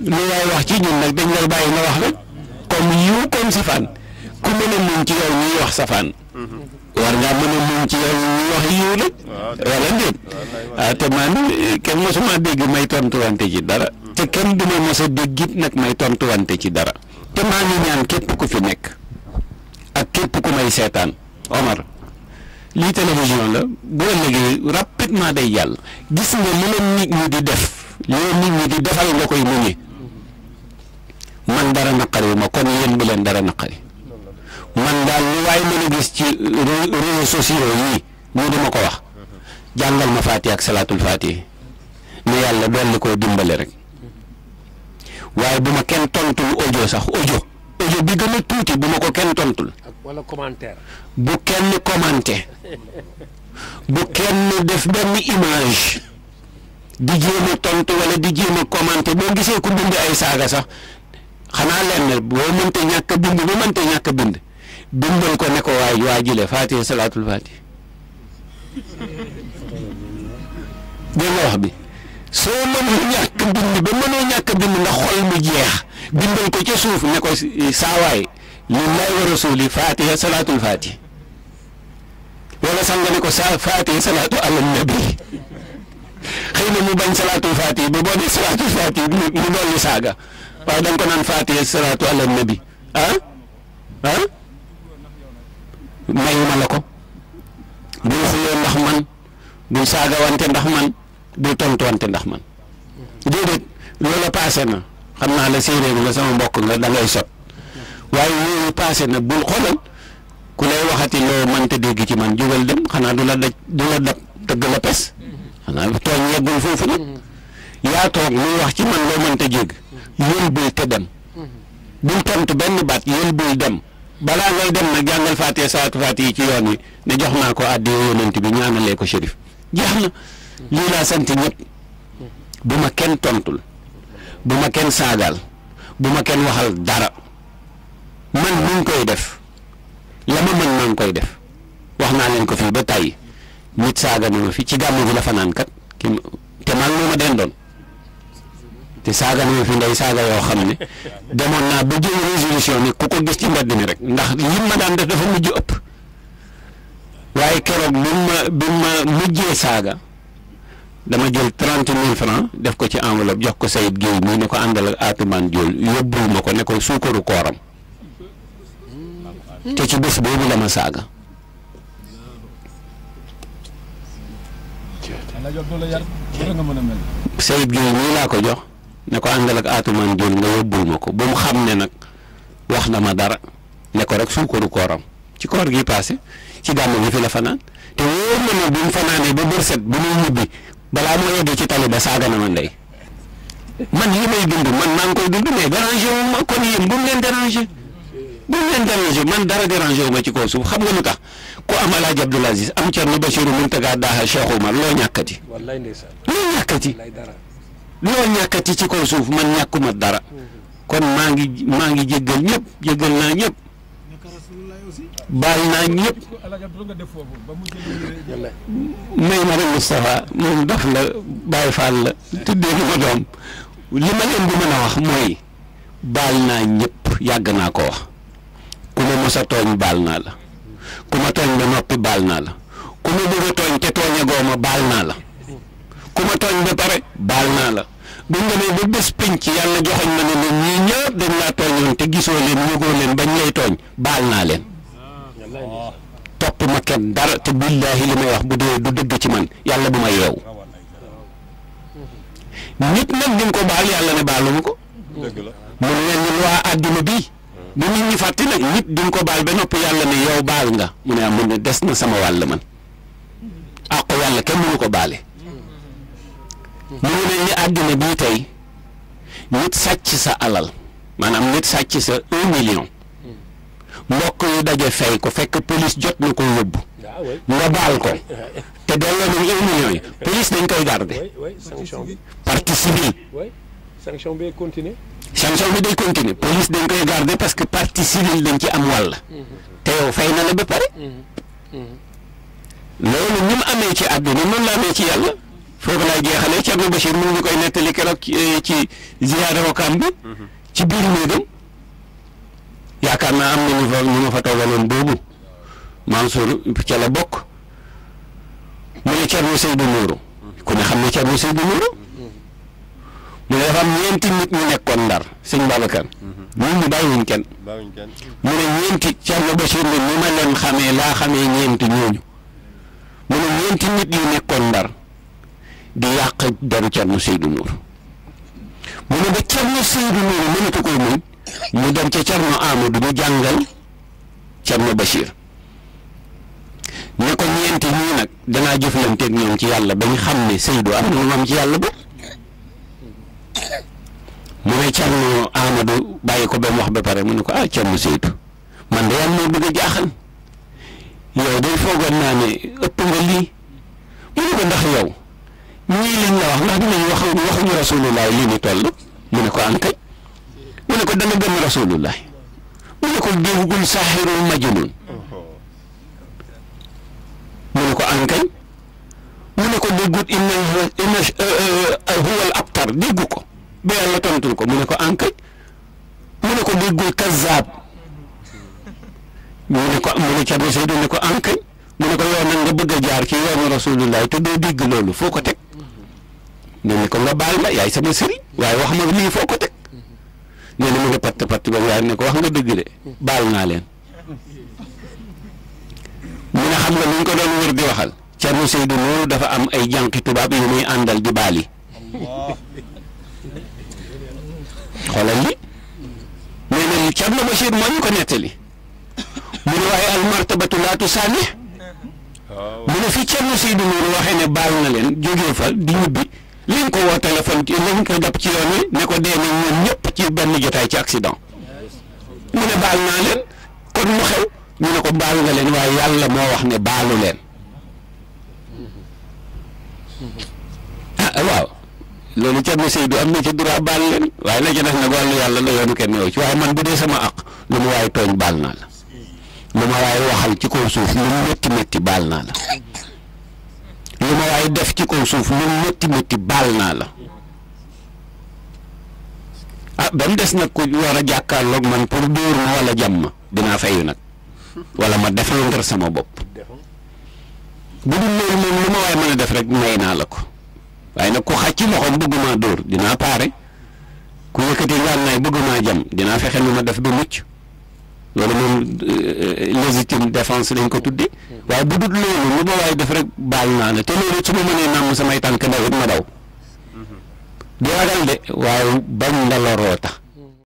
lu waay wax ci ñun nag dañ lay bàyyi nga wax rek comme yiw comme safaan ku mën a muñ ci yow ñuy wax safaan war ngaa mën a muñ ci yow ñuy wax yiw rek wala ndéet ah te kenn mosuma dégg may tontuwante ci dara te kenn duma mos a dégg it nag may tontuwante ci dara te maa ngi ñaan képp ku fi nekk ak képp ku may seetaan Omar lii télévision la bu ëllëgee rapidement day jàll gis nga li leen nit ñi di def li leen nit ñi di defal nga koy muñe man dara naqari ma kon yéen bu leen dara naqari man daal lu waaye mën a gis ci réseaux sociaux yii mu dama ko wax jàngal ma faati ak salaatul faati ne yàlla dolli koo dimbale rek waaye bu ma kenn tontul audio sax audio audio bi gën a tuuti bu ma ko kenn tontul wala commentaire bu kenn commenté bu kenn def benn image di jéem a tontu wala di jéem a commenté boo gisee ku bind ay saaga sax xanaa leen ne boo mënta ñàkk a bind bu mënta ñàkk a bind bindal ko ne ko waay waa jile salaatul faatiha dégg bi soo mënul ñàkk bind ba mënoo ñàkk bind nga xol mu jeex bindal ko ca suuf ne ko saawaay lillahi wa rasuli faatiha salaatul faatiha wala sanga ko saa faatiha salaatu ala nabi xëy na mu bañ salaatul faati ba boo dee salaatul faati mu dolli saaga waaye da ko naan faati salaatu ala nabi ah ah mayuma la ko bul xuloo ndax man bul saaga wante ndax man bu tontu wante ndax man déedéet loola na xam naa la séeréer nga sama mbokk nga da ngay waaye loolu na bul xoolal ku lay waxati dégg ci man jógal dem xanaa du la daj du la dab dëgg la pes xanaa tooñ yeggul foofu nag yaa toog luy wax ci man loo mënta jégg yël bul te dem bul tontu benn baat yël bul dem balaa ngay dem nag jàngal faatee saatu faati yi ci yoon wi ne jox naa ko àddee yonent bi ñaanalee ko shérif jeex na lii laa sant ñëpp bu ma kenn tontul bu ma kenn saagaal bu ma kenn waxal dara man mu koy def la ma mën maa koy def wax naa leen ko fii ba tàyyi nit saaga na ma fi ci gàmmu gi la fanaan kat ki te man moo ma den te saaga na ma fi ndey saaga yoo xam ne demoon naa ba jël résolution ne ku ko gis ci mbedd mi rek ndax lim ma daan def dafa mujj ëpp waaye keroog bi ma bi ma mujjee saaga dama jël trente mille francs def ko ci enveloppe jox ko Sayid Guèye mii ne ko àndal ak Atoumane Diol yóbbul ma ko ne ko suukaru kooram hmm. te ci bés boobu la ma saaga. Sayib Jóob mii laa ko jox ne ko àndal ak Atumaan Jóob nga yóbbul ma ko ba mu xam ne nag wax na ma dara ne ko rek suukaru kooram ci koor gi paase ci gàmm gi fi la fanaan te wóor na ne bu mu fanaanee ba bërset bu muy ñibbi balaa a yegg ci tali saaga na ma ndey man yi may man maa koy dund mais dérangé ma kon yéen bu mu leen dérangé bu mu leen dérangé man dara dérangé wu ma ci kaw suuf xam nga lu tax ku am El Hadj Abdoul Aziz am Thierno Bachirou Mountaga Daha Cheikh Oumar loo ñàkkati. wallaay ndeysaan loo ñàkkati. loo ñàkkati ci kaw suuf man ñàkkuma dara. Mm-hmm. kon maa ngi maa ngi jéggal ñépp jéggal naa ñëpp. baal naa ñëpp. may ma rek Moustapha moom dof la Baye Fall la tuddee ma doom li ma leen di mën a wax mooy baal naa ñëpp yàgg naa ko wax ku ma mos tooñ baal naa la. ku ma tooñ ba noppi baal naa la ku ma tooñ te tooñe gooma baal naa la ku ma tooñ ba pare baal naa la bu ñu demee ba bés penc yàlla joxoñ ma ne leen ñii ñëpp tooñoon te gisoo leen yëgoo leen bañ lay tooñ baal naa leen topp ma kenn dara te billaahi li may wax bu dee du dëgg ci man yàlla bu may yeew nit nag di ko baal yàlla ne baaluma ko. bu nit ñi fàtti nag nit duñ ko baal ba noppi yàlla ne yow baal nga mu ne ah mu ne des na sama wàll man àqu yàlla kenn mënu ko baale. mu ngi mel ni àddina bii tey nit sàcc sa alal maanaam nit sàcc sa un million mbokk yu daje fay ko fekk police jot na ko yóbbu nga baal ko te delloo nañ un million yi police dañ koy garder partie civile sanction bi continuer sanction bi day continuer police dañ koy garder parce que partie civile dañ ci am wàll mhm. te yow fay na la ba pare mhm. Mhm. loolu ni mu amee ci àdduna noonu la amee ci yàlla foofu laa jeexalee Thierno Bachir mu ngi koy nettali keroog ci eh, ziyaara Wakaam bi ci biir néegam yaakaar naa am na ñu fa ñu ma fa toogaloon boobu Mansour ca la bokk mu ne Thierno Seydou Nourou ku ne xam ne Thierno Seydou Nourou léegi dafa ñeenti nit ñu nekkoon ndar sëñ Babacar. moom ñu bàyyiwuñ kenn. mu ne ñeenti Thierno Bachir ni ma leen xamee laa xamee ñeenti ñooñu mu ne ñeenti nit yu nekkoon ndar di yàq deru Thierno Seydou Nour mu ne ba Thierno Seydou Nour mënatu koy muñ mu dem ca Thierno Amadou mu jàngal Thierno Bachir ne ko ñeenti ñii nag danaa jëflanteeg ñoom ci yàlla ba xam ne Seydou am na moom ci yàlla ba. mu ne Thierno Amadou bàyyi ko ba mu wax ba pare mu ne ko ah mu Seydou man de yàlla moo bëgg a jaaxal yow day foogoon naa ne ëpp nga lii mu ne ko ndax yow ñii lañ la wax ndax dinañ wax waxuñu rasulullah lii ni toll mu ne ko ankaj mu ko danga gëm rasulullah mu ne ko déwgul saaxirul majnun mu ne ko ankaj ne ko déggut inna huwa eh, eh, eh, abtar déggu ko ba yàlla tontul ko mu ne ko ankay mu ne ko déggul kazaab mu ne ko mu ne Thierno Seydou ne ko ankay mu ne ko yow nag nga bëgg a jaar ci yoonu rasulullah te doo dégg loolu foo ko teg nee na ko baal ma yaay waaye wax ma lii foo ko teg mu ne patt patt ba yaay ne ko wax nga dëgg de baal naa leen mu ne xam nga lu ñu ko doon wër di waxal Thierno Seydou noonu dafa am ay jànqi tubaab yu muy àndal di baali. xoolal li nee na li Thierno Bachir moo ñu ko nettali mu ne waaye almartabatu laa tusaane mu ne fi Thierno Seydou Nour waxee ne baal na leen jógee fa di ñibbi liñ ko wax téléphone liñ ko ci yoon ko dee nañ ñoom ñëpp ci benn jotaay ci accident mu ne baal naa leen kon mu xew ñu ne ko baal na leen waaye yàlla moo wax ne baalu leen mm-hmm. ah waaw. loolu Thierno Seydou am na ci droit baal leen waaye la ci def nag wàllu ci waaye man bu dee sama aq lu ma waaye tooñ baal naa la lu ma waaye waxal ci kaw suuf lu mu métti baal naa la lu ma waaye def ci kaw suuf lu mu métti baal naa la ah ba mu des nag ku war a jàkkaarloog man pour dóor ma wala jàmm dinaa fayu nag wala ma défendre sama bopp bu dul loolu lu ma waaye mën a def rek may naa la ko. waaye nag ku xàcc loxoom bëgguma dóor dinaa paare ku yëkkati ngànnaay bëgguma jam dinaa fexe nu ma def ba mucc loolu moom euh, légitime défense lañ ko tudde waaye bu dul loolu lu ma waaye def rek baal naa la te loolu su ma mënee nàmm samay tànk dawit ma daw mhm. di ragal de waaye bañ la loroo tax